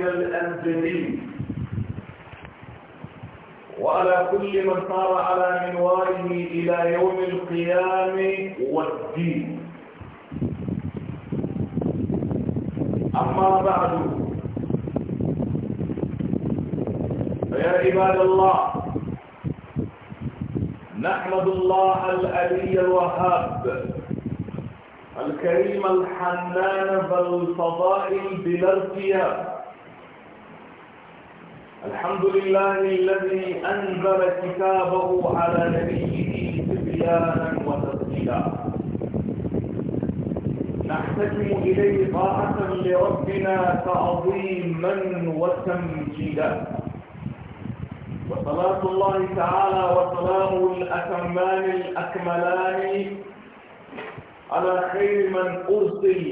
من الأنزلين وعلى كل من صار على منواره إلى يوم القيام والدين أما بعد فيا عباد الله نحمد الله الألي الوهاب الكريم الحنان ذا الفضائل بلا ارتياب الحمد لله الذي أنزل كتابه على نبيه تبيانا وتفصيلا نحتكم إليه طاعة لربنا تعظيما وتمجيدا وصلاة الله تعالى وسلامه الأتمان الأكملان على خير من أرسل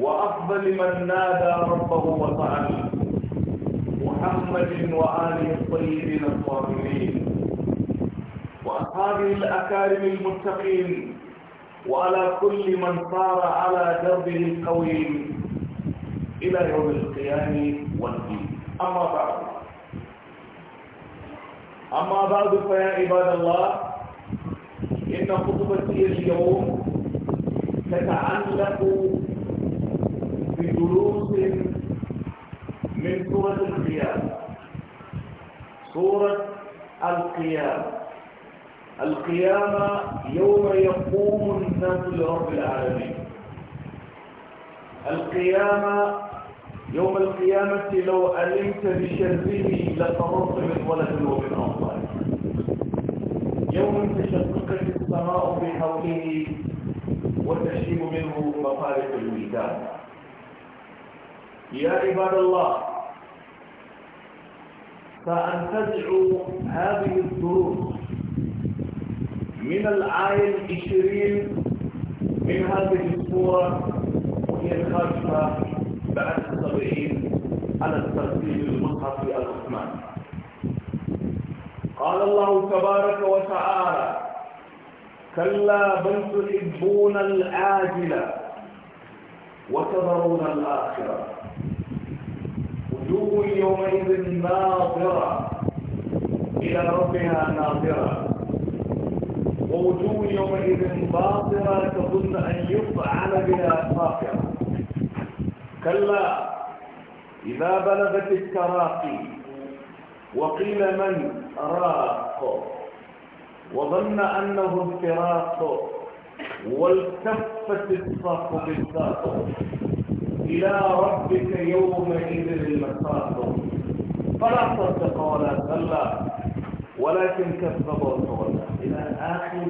وأفضل من نادى ربه وتعالى محمد وآله الطيبين الطاهرين وأصحابه الأكارم المتقين وعلى كل من صار على دربه القويم إلى يوم القيام والدين أما بعد أما بعد فيا عباد الله إن خطبتي اليوم تتعلق بدروس من سورة القيامة سورة القيامة القيامة يوم يقوم الناس لرب العالمين القيامة يوم القيامة لو علمت بشربه لفرط من ولد ومن أفضل يوم تشققت السماء بحوله وتشيب منه مفارق الوجدان يا عباد الله فأن تدعو هذه الدروس من الآية العشرين من هذه الصورة وهي الخاصة بعد السبعين على الترتيب المصحف العثمان قال الله تبارك وتعالى كلا بل تحبون العاجلة وتذرون الآخرة وجوه يومئذ ناظرة إلى ربها ناظرة ووجوه يومئذ باطرة تظن أن يفعل بها فاقرة كلا إذا بلغت التراقي وقيل من راق وظن أنه الفراق والتفت الصاق بالساق إلى ربك يومئذ المساق فلا صدق ولا صلى ولكن كذب وتولى إلى آخر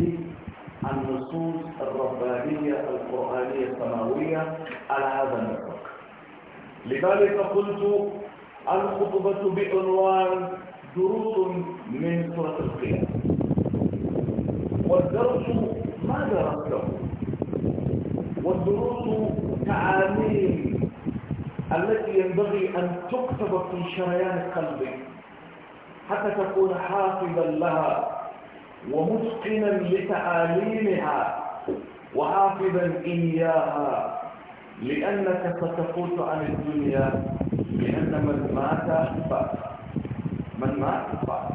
النصوص الربانية القرآنية السماوية على هذا النطاق لذلك قلت الخطبة بعنوان دروس من سورة القيامة والدرس ما درسته والدروس تعاليم التي ينبغي أن تكتب في شريان قلبك حتى تكون حافظا لها ومتقنا لتعاليمها وحافظا إياها لأنك ستفوت عن الدنيا لأن من مات فات من مات فات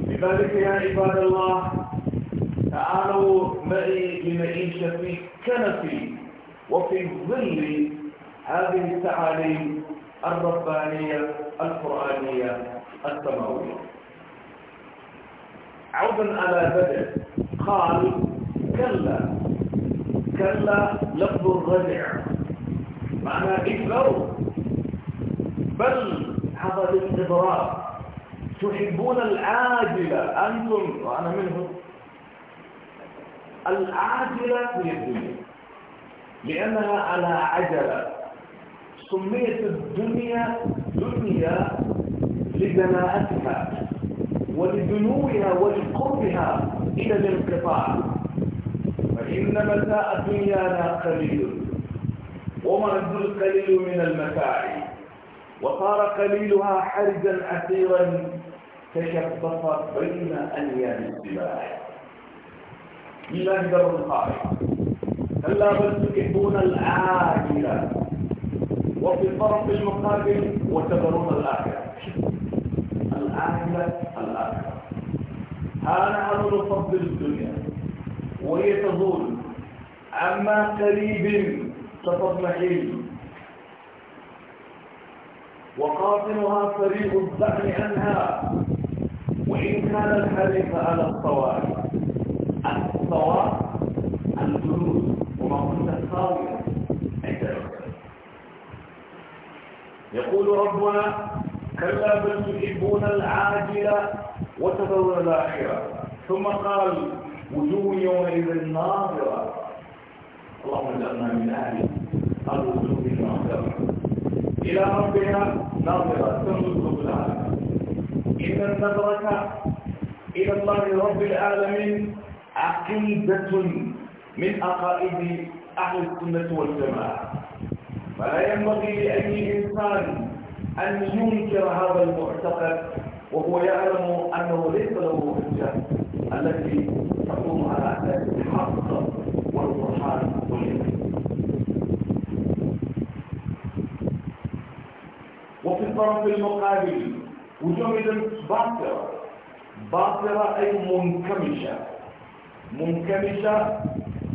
لذلك يا عباد الله تعالوا معي لنعيش في كنفي وفي ظل هذه التعاليم الربانية القرآنية السماوية عودا على بدء قال كلا كلا لفظ الرجع معنى إذن بل هذا الاضراب تحبون العاجلة أنتم وأنا منهم العاجلة من الدنيا لأنها على عجلة سميت الدنيا دنيا لدناءتها ولدنوها ولقربها إلى الانقطاع فإن متاع دنيانا قليل ومرد القليل من المتاع وصار قليلها حرجا أثيرا تشبط بين أنيان السباح لله در الخارجة كلا بل تحبون العاجلة وفي الطرف المقابل وتذرون الآخرة العاجلة الآخرة ها نحن نفضل الدنيا وهي تقول عما قريب ستضمحل وقاطنها فريق الزعم عنها وإن كان الحريف على الصواب الجلوس وما كنت عند يقول ربنا كلا بل تحبون العاجلة وتذرون الآخرة ثم قال وجوه يومئذ ناظرة اللهم اجعلنا من أهل الوجوه الناظرة إلى ربنا ناظرة تنظر العالم إن النظرة إلى الله رب العالمين عقيدة من عقائد أهل السنة والجماعة فلا ينبغي لأي إنسان أن ينكر هذا المعتقد وهو يعلم أنه ليس له حجة التي تقوم على أساس الحق والبرهان والعلم وفي الطرف المقابل وجمدت باطرة باطرة أي منكمشة منكمشة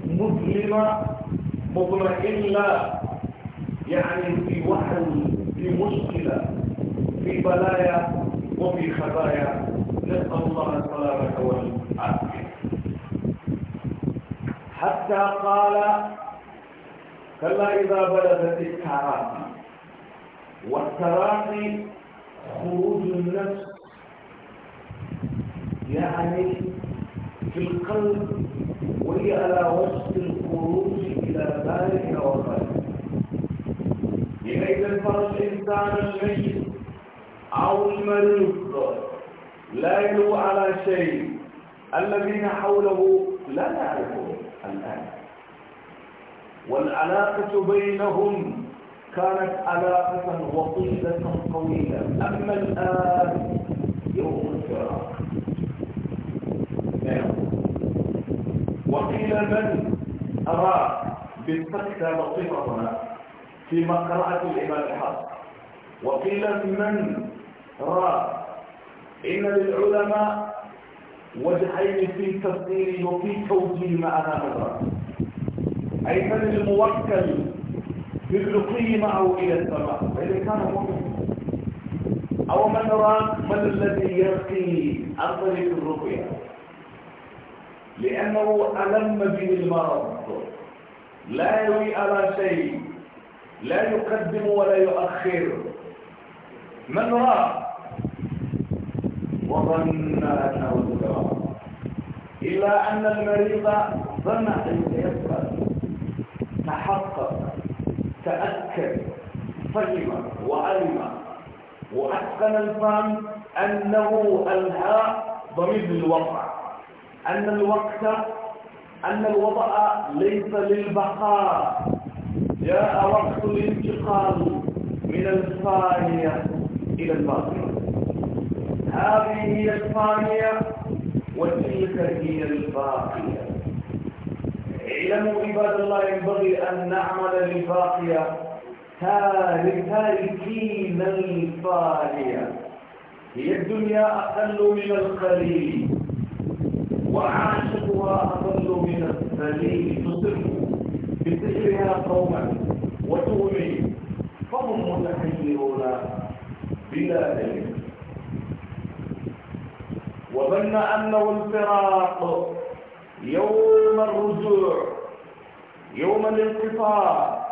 مظلمة مطمئنه يعني في وحل في مشكلة في بلايا وفي خبايا نسأل الله السلامة والعافية حتى قال كلا إذا بلغت التراقي والتراقي خروج النفس يعني في القلب وهي على وصف الخروج إلى ذلك وخارج بحيث الفرج إنسان الميت أو المريض لا يلو على شيء الذين حوله لا نعرفهم الآن والعلاقة بينهم كانت علاقة وطيدة قوية أما الآن يوم الفراق من أرى بالفتح لطيفتها في مقرعة الإمام الحق وقيل من رأى إن للعلماء وجهين في تفسير وفي توجيه أنا نظرة أي من الموكل بالرقي معه إلى السماء فإذا كان موكل أو من رأى من الذي يرقي عن في الرقية لأنه ألم به المرض لا يوي على شيء لا يقدم ولا يؤخر من راى وظن أنه الدواء إلا أن المريض ظن أن يقبل تحقق تأكد فهم وعلم وأتقن الفهم أنه ألهى ضمير الوقع أن الوقت أن الوضع ليس للبقاء جاء وقت الانتقال من الفانية إلى الباقية هذه هي الفانية وتلك هي الباقية اعلموا عباد الله ينبغي أن نعمل للباقية تاركين الفانية هي الدنيا أقل من القليل وعاشقها أضل من السبيل تصف بسحرها قوما وتغني فهم متحيرون بلا علم وظن أنه الفراق يوم الرجوع يوم الانقطاع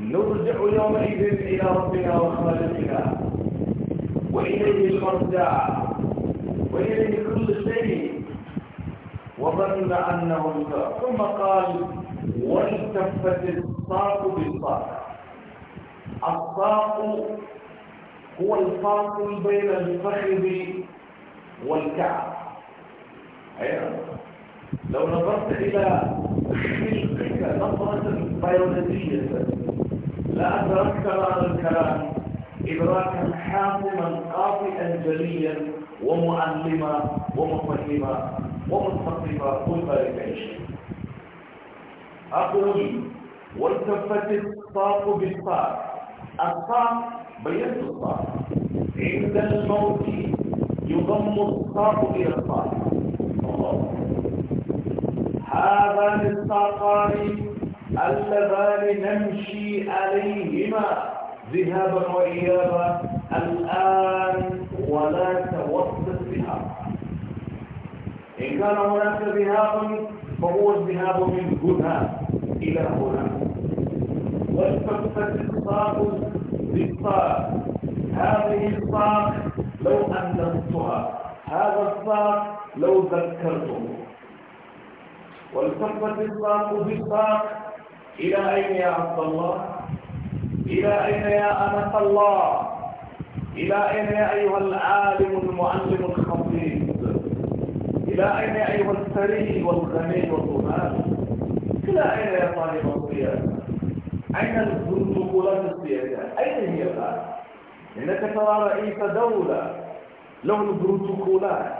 نرجع يومئذ إلى ربنا وخالقنا وإليه المرجع وإليه كل شيء وظن أنه الفرق ثم قال والتفت الصاق بالصاق الصاق هو الفاصل بين الفخذ والكعب أيضا نعم. لو نظرت إلى خلقك نظرة بيولوجية أدركت هذا الكلام إدراكا حاسما قاطئا جليا ومؤلما ومفهما ومنتقبة قلب العيش أقول والتفت الطاق بالطاق الطاق بيد الطاق عند الموت يضم الطاق إلى الطاق هذا للطاقان اللذان نمشي عليهما ذهابا وإيابا الآن ولا توسط بها إن كان هناك ذهاب فهو الذهاب من هنا إلى هنا والتفت الصاق بالصاق هذه الصاق لو أنزلتها هذا الصاق لو ذكرته والتفت الصاق بالصاق إلى أين يا عبد الله إلى أين يا أنس الله إلى أين يا أيها العالم المعلم إلى أين أيها الثري والغني والغناء إلى أين يا طالب القيادة أين الدخولات السياسية أين هي الآن إنك ترى رئيس دولة له البروتوكولات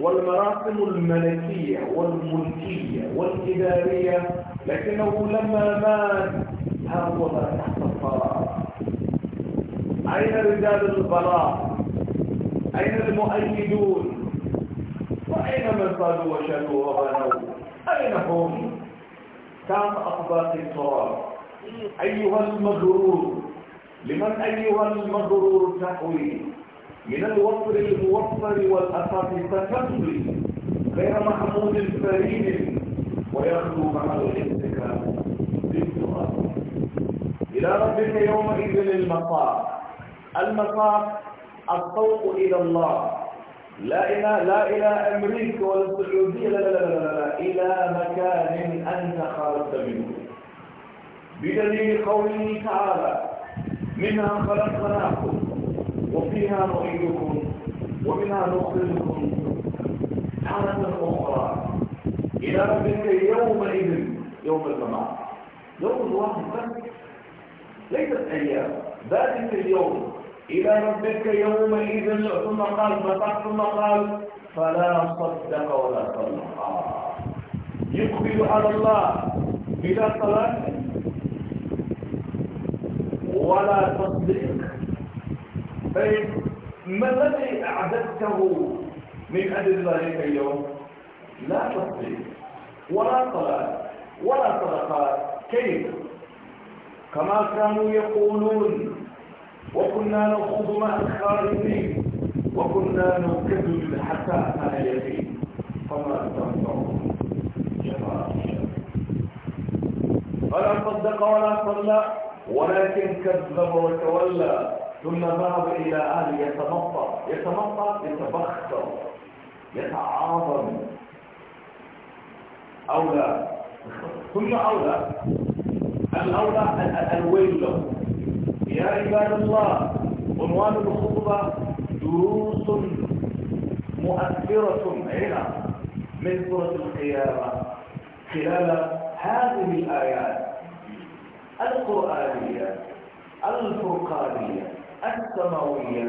والمراسم الملكية والملكية والإدارية لكنه لما مات هرب تحت الثراء أين رجال البلاط أين المؤيدون أين من قالوا وشنوا وغنوا أين هم كان أطباق التراب أيها المغرور لمن أيها المغرور تحوي من الوفر الموفر والأساس تكفي غير محمود فريد ويخلو معه الانتكام بالتراب إلى ربك يومئذ المصاب المصاب الطوق إلى الله لا إلى, لا إلى أمريكا ولا السعودية لا لا لا لا, لا. إلى مكان أنت خرجت منه بدليل قوله تعالى منها خلقناكم وفيها نعيدكم ومنها نخرجكم حالة أخرى إلى ربك يومئذ يوم الجمعة يوم الواحد بس ليست أيام ذلك اليوم إلى ربك يومئذ ثم قال فتح ثم قال فلا صدق ولا صلى يقبل على الله بلا صلاة ولا تصديق طيب ما الذي أعددته من أجل ذلك اليوم لا تصديق ولا صلاة ولا صدقات كيف كما كانوا يقولون وكنا نخوض مع الخالدين وكنا نكذب الحساء مع اليقين فما تنفعهم فلا صدق ولا صلى ولكن كذب وتولى ثم ذهب إلى أهله يتمطى يتمطى يتبختر يتعاظم أولى ثم أولى الأولى الويل له يا عباد الله عنوان الخطبة دروس مؤثرة هنا من سورة القيامة خلال هذه الآيات القرآنية الفرقانية السماوية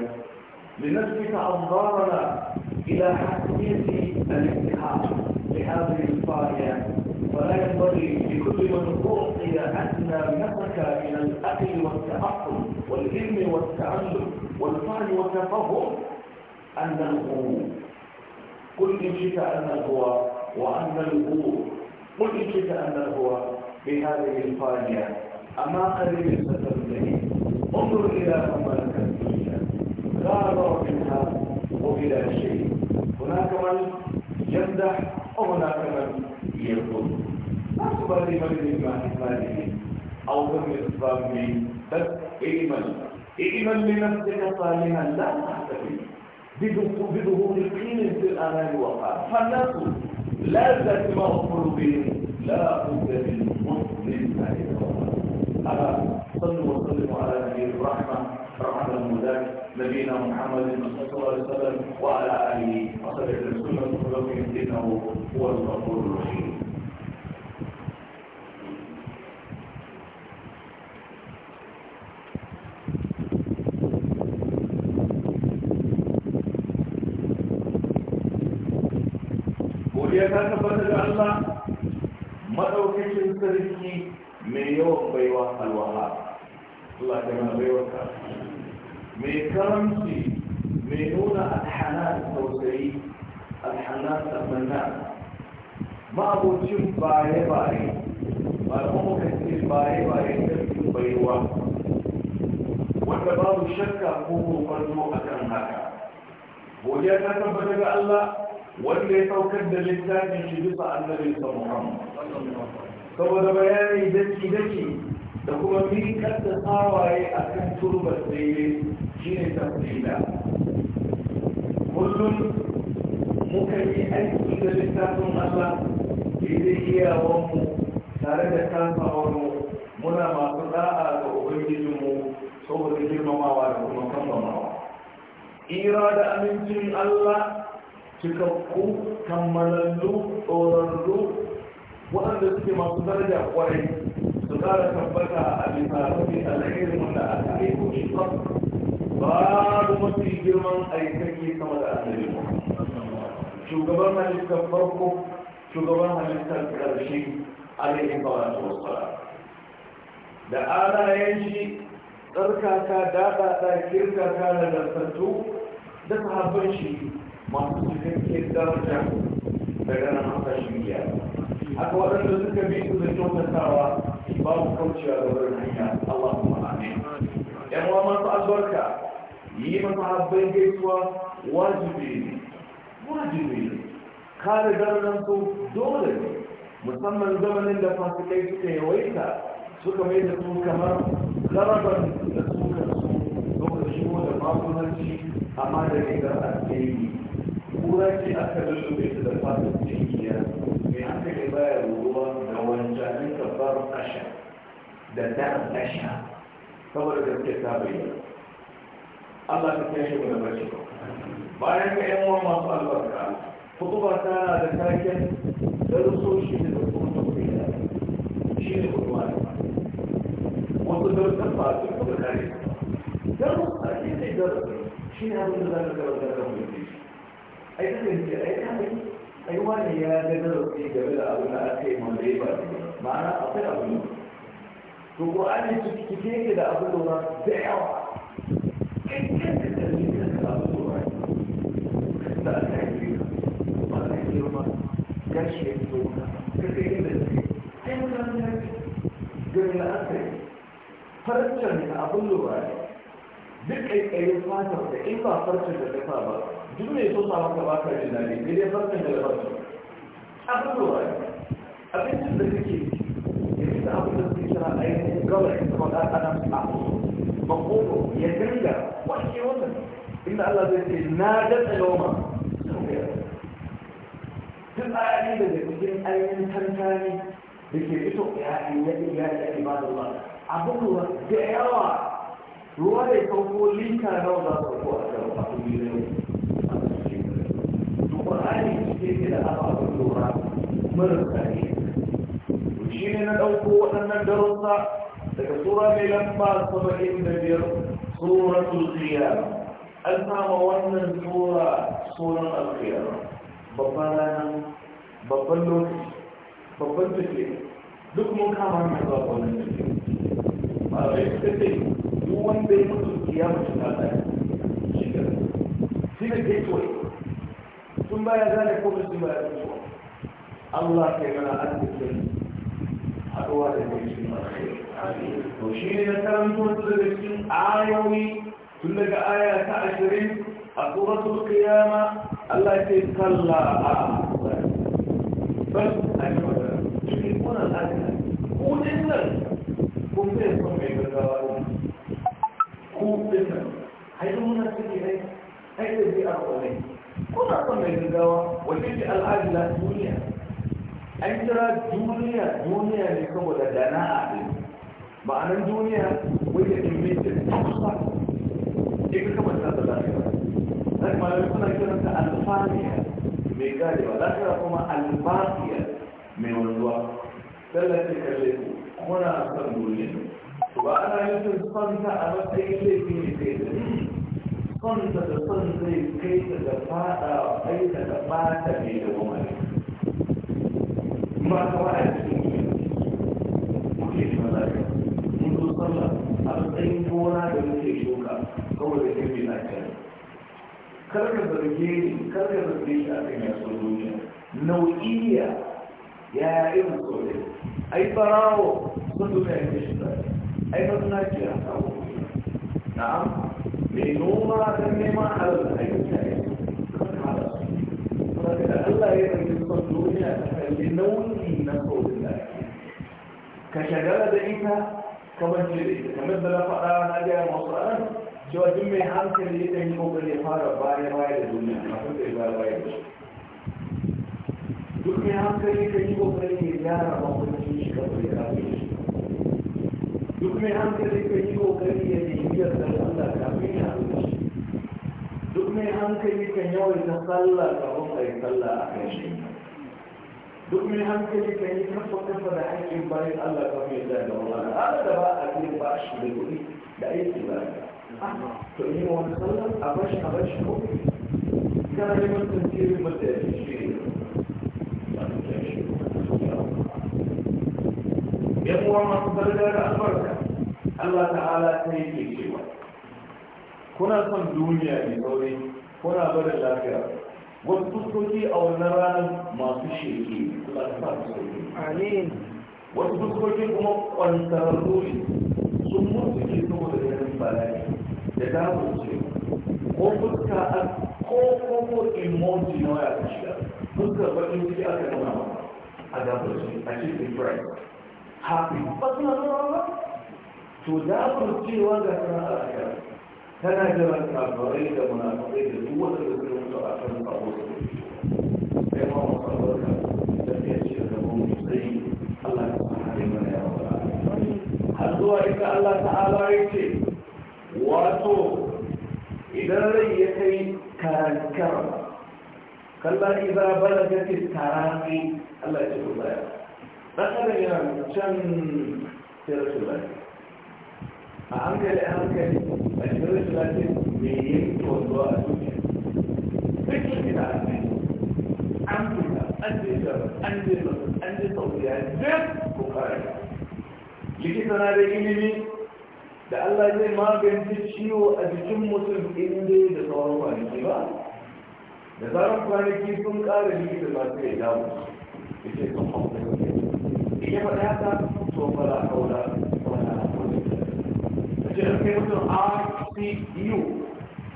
لنلفت أنظارنا إلى حقيقة الانتهاء لهذه الفاهية ولا ينبغي لكل من أعطي أدنى نفسك من الأكل والتأقلم والعلم والتعلم والفعل والتفهم أن قل إن شئت أنه قل إن شئت الهوى بهذه الفانية أما قليل ستبني انظر إلى مملكة لا نظر منها وبلا شيء هناك من يمدح وهناك من يقول لا تبالي من مع إيمانه أو من إصراره بس إيمن إيمن لنفسك صالما لا تحتفل بظهور في الأمان والقرار فالناس لا تسمع قلوبهم لا بد من مسلم ألا صلوا وسلموا على نبي الرحمة رحمة المدان نبينا محمد صلى الله عليه وسلم وعلى آله وصحبه وسلم وسلم إنه هو الغفور الرحيم ta tabbata da Allah madaukakin sarki mai yawan baiwa alwaha Allah ya mana baiwa ka mai karamci mai nuna alhanan tausayi alhanan tsammana ma'abocin baye-baye ba kuma kace baye-baye da baiwa wanda babu shakka ko kofarto a kan haka godiya ta tabbata ga Allah wanda ya saukar da littafin shi bisa annabi sa Muhammad saboda bayani daki daki da kuma miƙar da tsawaye a kan turbar daidai shi ne tafsila kullum muka yi aiki da littafin Allah daidai iyawanmu tare da kasawarmu muna masu da'a ga ubangijinmu saboda girmamawa da kuma kammamawa ira da amincin Allah cikakku kammalallu tsorarru waɗanda suke masu daraja kwarai su ƙara tabbata a bisa mafi alherin wanda aka aiko shi ba babu mafi girman aikaki sama da annabi shugaban halittar farko shugaban halittar ƙarshe alaihi salatu wassalam da alayen shi tsarkaka daɗaɗa kirkaka nagartattu da sahabban shi masu cikakken daraja daga nan haka shirya haka waɗanda suka bi su da kyautatawa babu kaucewa da wurin hanya Allah yan uwa masu albarka yi masa habbai gaisuwa wajibi ne wajibi ne kare darajar dole ne musamman zamanin da fasikai suka yawaita suka mai da su kamar larabar da suka su suka shigo da makonanci amma da rigar addini kura ce aka lullube su da fatan cinkiya mai aka yi baya ruwa da wancanin kabbar asha da daren asha saboda gaske ta bayyana Allah ta kai shi wani bace bayan ga yan uwa masu albarka kutuba tana da taken da darusoshi da kuma tafiya shi ne kutuba wasu darussan ba su kuma kare darussa ne ne darussa shi ne abin da za ka karanta da mutum ai duk da ai kai ai wani ya ga zarafi game da abin da aka yi mun dai ba ma'ana akwai abin to qur'ani su kike yake da abin da da yawa kankan da dalilin da abin da da aka yi ba da girma gashi ya fito ka kai da shi sai mun ga gari na aka yi farcen da abin da duk ƙaiƙayin fatar da in ba farcen da dafa ba بدون يسوس على الله في النبي اللي يفرق من الفرق أقول رأيك أبين تبريكي يبين أبين تبريكي أي مقال إنسان أنا أعطوه مقوله يتنجى وحكي وزن إن الله ذاتي نادة اليوم تبقى عليك ذي كنتين أي من تنساني بكي بيتو يا إيه يا إيه يا إباد الله أقول رأيك دعيوة رواية فوقولين كان نوضا فوقوا أكبر أقول ƙur'ani ke ke da ababen lura marasa ne shi ne na ɗauko waɗannan darussa daga sura mai lamba saba'in da biyar sura tulkiya an sama wannan sura sunan alkhiyar babban rana babban lokaci babban tafiya duk mun kama mai zuwa wannan tafiya ba da ya tafiya duk wanda ya mutu ya mutu ta tsaye shi ne gateway tun baya za ne kuma su baya Allah ke mana an tafiya haɗuwa da mai yi mara To shi ne na karanto da cikin ayoyi tun daga aya ta ashirin a tsoratu yama Allah ke kalla a ba. Bas a nan nan. ne. kuna son mai gaggawa wace ce al'ajila duniya an kira duniya duniya ne saboda dana'a ne ma'anar duniya wajen inventin tafsa ke ka kamar ta lafiya zai malar suna kiranta alfaniya mai garewa lafiya kuma alfaniya mai wanzuwa tallafi kalle ku kuna son duniya ba ana yin sun fanta a matsayin laifin ne sai da son da son zai kai ta da fada kai ta da fata ne da goma ne ba ta wa a cikin muke shi maza ne mun zo sallah a tsayin gona da muke shuka kawai da kirki na can kar ka zarge ni karka zarge shi a kan yaso duniya nau'iya ya yi mu saurin ai barawo sun duniya ya shi ai mazinaci a kawo na'am mai noma don nema halin da ayyuka saboda Allah ya yi son duniya ta kalli nauyi na saurin da ka shagala da ita kamar jiri kamar da na faɗa na gaya masu ran cewa duk mai hankali ya kan kokari ya fara baya baya da duniya kafin da ya baya da duk mai hankali ya kan yi kokari ya gyara makwancin shi kafin ya rafi shi दुःखमे आमचे कहीं करिए इज्जत अल्लाह का बिना दुःखमे आमचे कहीं अल्लाह का होगा अल्लाह आगे दुःखमे आमचे कहीं फक्त फक्त आहे की बाई अल्लाह का मी जायगा होणार हाँ, आता आपली बाश बिलकुल डायरेक्ट जायगा तो ही वन सल्ला अवश्य अवश्य होगी कारण मग तुमची मत आहे uwa masu daraja da albarka Allah ta'ala ta yi ke cewa kuna son duniya mai sauri kuna bada lafiya wasu fuskoki a wannan ranar masu sheke Allah ta sa su sauke wasu fuskoki kuma kwantararru ne sun mutu ke saboda ganin bala'i da ta ce ko fuska a ko ko ko emoji na waya ta shiga fuskar bakin ciki aka nuna a damar ce a cikin price haɗu ba suna zama to da tana da munafarai da duk wanda da a kan sabo sai ma Allah sa mana ita Allah ta'ala ya ce wato idan rai ya kai karankar kalla idza balagat taraqi Allah ya ce ku ɗanɗan yana can tirasu lafiya a hankali a hankali a tirasu lafiya mai yanki wanda a duniya duk shi da an fita an je jarar an likita na da ilimi da allah zai magance ciwo a jikin mutum inda da sauran kwanaki ba da sauran kwanaki sun ƙara likita masu ya faɗa haka to fara haula wala A ce da kai mutum RCU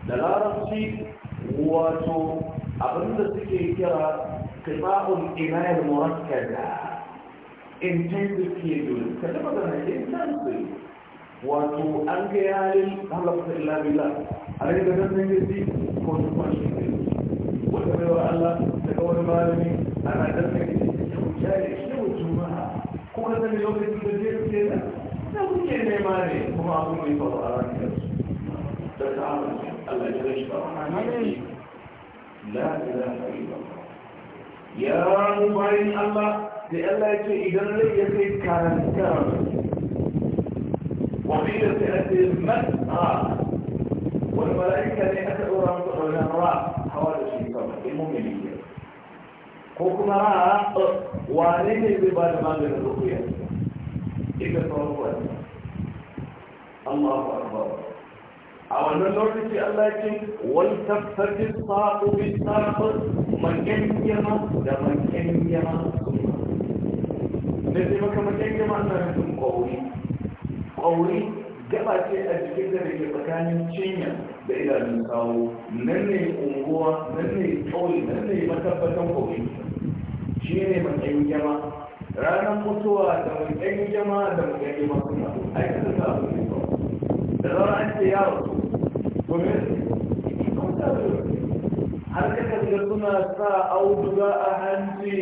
da larabci wato abinda suke kira qita'ul imal murakkaba intensive schedule kaje magana intensive wato an ga yayin halafta illa a rage da zan yi ko su kwashi wata baiwa Allah daga wani malami ana danne ya wuce kuka sani lokacin da zai fiye da na kuke nema ne kuma abu mai faru a ranar da ta amince Allah ya rashi ba la ilaha illallah ya bayan Allah da Allah ya ce idan rai ya kai karanta وقيل سيأتي المسعى والملائكة لأتأوا رمضان الراء حوالي الشيطان المؤمنين ko kuma a wane ne zai ba da maganin rukuya ita tsawon wani amma ba ba a wannan lokaci Allah ce wal tafsati sa'u bi sa'u man kan yama da man kan yama da zai maka man kan yama na sun kauri kauri gaba ce a jikin da ke tsakanin cinya da idanun kawo nan ne unguwa nan ne kauri nan ne matabbatan kauri shi ne mai ɗan jama ranar mutuwa da mai ɗan jama da mai ɗan jama suna aikata ta abu ne ba da zama an ce ya rasu domin har ka kalli suna sa auduga a hanji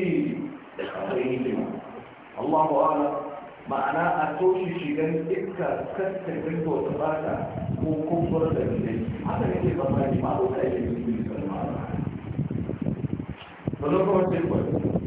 da kamar yi jima Allahu ala ma'ana a toshe shigan iska kasta ganta ta bata ko kumfar da gidai haka ne ke zama ne ma'a wuta ya yi musulmi sannan ma'a ba. Ba zama kuma sai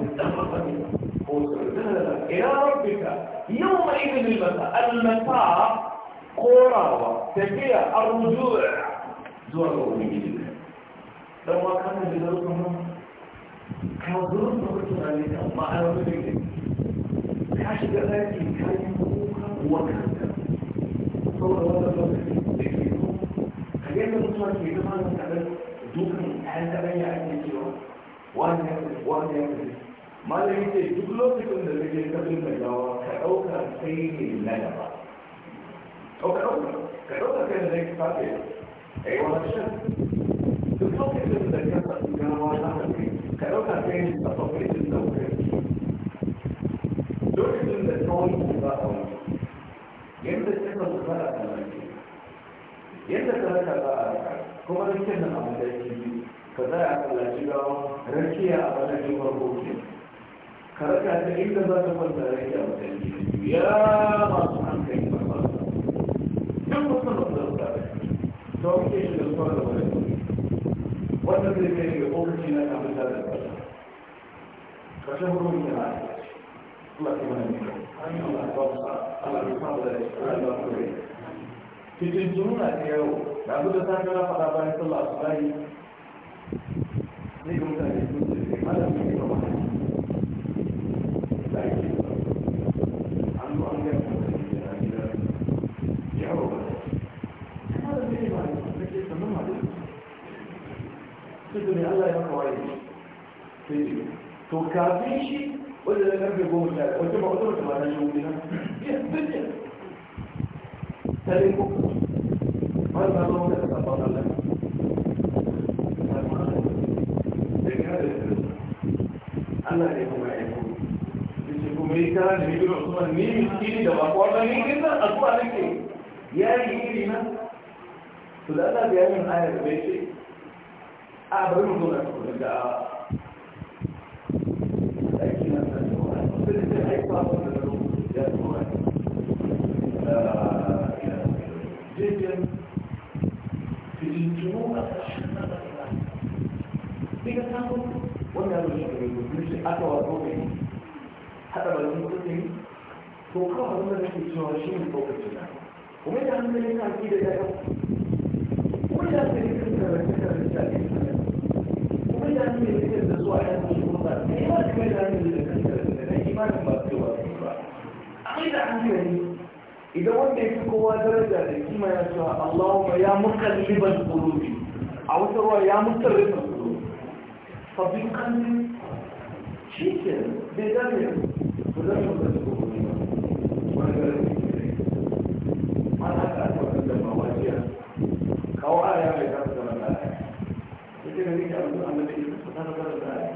إلى ربك يومئذ المساء المساء قراوة تفيا الرجوع زور المؤمنين لما كان جداركم كان ظلم نقطة عليك ما أنا مدرك كاش جدارك كان يمكوك وكذا صور الله الله خلينا نطلع في دماغنا دوكم هل تبين عندي وأنا وأنا malami ce duk lokacin da nake kafin da gawa ka ɗauka kai ne na gaba ɗauka ɗauka ka ɗauka kai da zai fafe a yi wani shan duk lokacin da ka fasu gawa na kai ka ɗauka kai ne a fafisin da wukai lokacin da ta wani ba a wani yadda ta fasu ba a kalmaki yadda ta raka ba a raka kuma rikin na abin da yake ka zai a kallaci gawa rakiya a wani farko kenan karaka ta inda za ta kwanta da ya mata ya masu hankali ba ba duk mutum da ta rubuta ta wuce shi da zuwa da wani wanda zai kai ga ofishi na kamar da ba kashe hurumi a na Allah ta mana nika Allah ta ba Allah ta ba da shi Allah ta ba cikin juna ta yawo da abu da ta gara faɗa bayan sallah asubahi ne ga mutane sun to kafin shi wanda da karfe goma sha wata ba wata wata mata shi wuri nan ya sanya tare ko ba ta zo da sabon Allah Allah ne kuma ya yi kuma yi kara da bibi Usman ni miskini da ba kowa ba ni kin nan addu'a nake yayi iri nan to da Allah ya yi min ayar da bai ce a bari mu zo na da aka wato mai haɗa balon kudin to kawai wanda da ke cewa shi ne lokaci na kuma da hankali kan ki da ya kuma da hankali kan karanta karanta ne kuma da hankali kan da zuwa ya ce kuma ba ta yi ba da kai da hankali da kan karanta na imanin ba su ba su ba amma da hankali idan wanda ya fi kowa daraja da kima ya cewa Allahumma ya mukalliban qulubi a wata ruwa ya mutarrifa qulubi fa bi qalbi shi ke bai dame ku zan yi wasu ko kuma ba wani garin ne ke ne mana ta ta wani da mawajiya kawo aya mai za su zama da aya ita ne nake abin annabi ita su ta zama da aya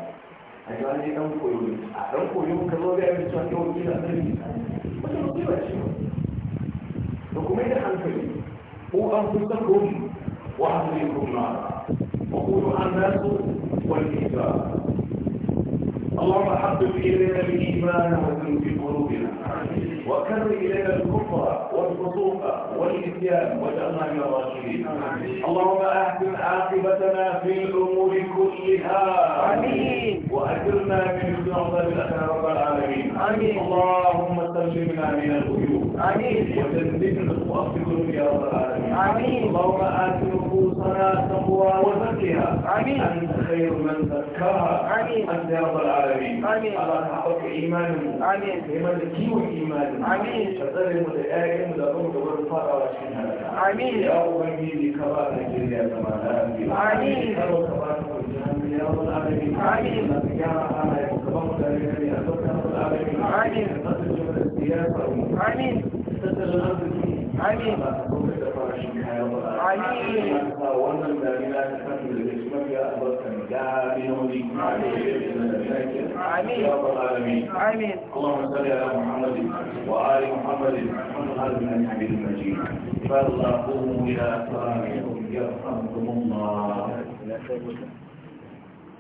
a yi wani dan koyo ne a dan koyo ka zo ga yadda cewa yau ne da annabi wata musiba ce da kuma yi da hankali ko an kusa ko wa hankali kuma wa kudu an nasu wani ita اللهم حبب إلينا الإيمان وزن في قلوبنا وكره إلينا الكفر والخلق والإتيان وجعلنا من الراشدين اللهم أحسن عاقبتنا في الأمور كلها امين وأجرنا من حسن لك يا رب العالمين امين اللهم استجبنا من الغيوب امين وتنزلنا وأفضل يا رب العالمين امين اللهم آت نفوسنا تقوى وزكها أنت خير من زكاها أنت يا رب العالمين امين على حقك إيمان لمن زكي امين فذلك الآية مدعوك gaban fadawa cikin halaka amin ya ubangiji ka ba da jiriya da mata amin karo ka ba da kwanciyar hankali ya wani alamin amin na ka gyara halaye ka ba mu da rikari a sauka wani alamin amin ka tsasa jimar siyasa mu amin tattalin arziki amin ba ka kuma da farashin kayan ba amin wannan damina ta kan da gaske mafiya albarkan damina wani amin آمين اللهم صل على محمد وآل محمد وعلى آل من حميد المجيد فالله يا إلى أسراركم يرحمكم الله